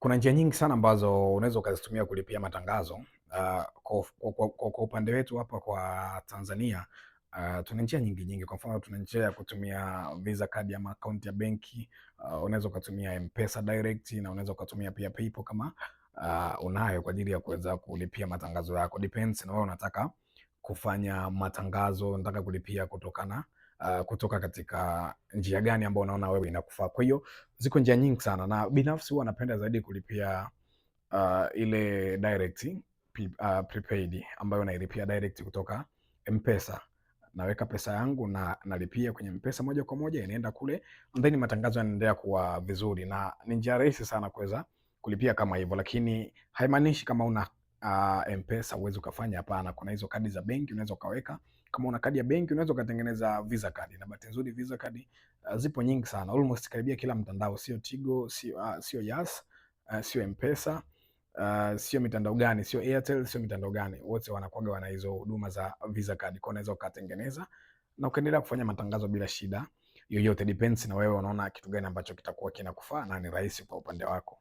kuna njia nyingi sana ambazo unaweza ukazitumia kulipia matangazo. Uh, kwa, kwa, kwa, kwa upande wetu hapa kwa Tanzania uh, tuna njia nyingi nyingi. Kwa mfano tuna njia ya kutumia Visa card ama akaunti ya benki uh, unaweza ukatumia Mpesa direct na unaweza ukatumia pia PayPal kama uh, unayo kwa ajili ya kuweza kulipia matangazo yako. Depends na wewe unataka kufanya matangazo, unataka kulipia kutokana uh, kutoka katika njia gani ambayo unaona wewe inakufaa. Kwa hiyo ziko njia nyingi sana, na binafsi huwa napenda zaidi kulipia uh, ile direct uh, prepaid ambayo unailipia direct kutoka Mpesa naweka pesa yangu na nalipia kwenye Mpesa moja kwa moja, inaenda kule and then matangazo yanaendelea kuwa vizuri, na ni njia rahisi sana kuweza kulipia kama hivyo, lakini haimaanishi kama una uh, Mpesa uwezi ukafanya. Hapana, kuna hizo kadi za benki unaweza ukaweka. Kama una kadi ya benki unaweza ukatengeneza visa kadi, na bahati nzuri visa kadi uh, ah, zipo nyingi sana, almost karibia kila mtandao, sio Tigo, sio uh, sio Yas uh, sio Mpesa Uh, sio mitandao gani, sio Airtel, sio mitandao gani, wote wanakuaga wana hizo huduma za visa card. Kwa unaweza ukatengeneza na ukaendelea kufanya matangazo bila shida yoyote, depends na wewe unaona kitu gani ambacho kitakuwa kinakufaa na ni rahisi kwa upande wako.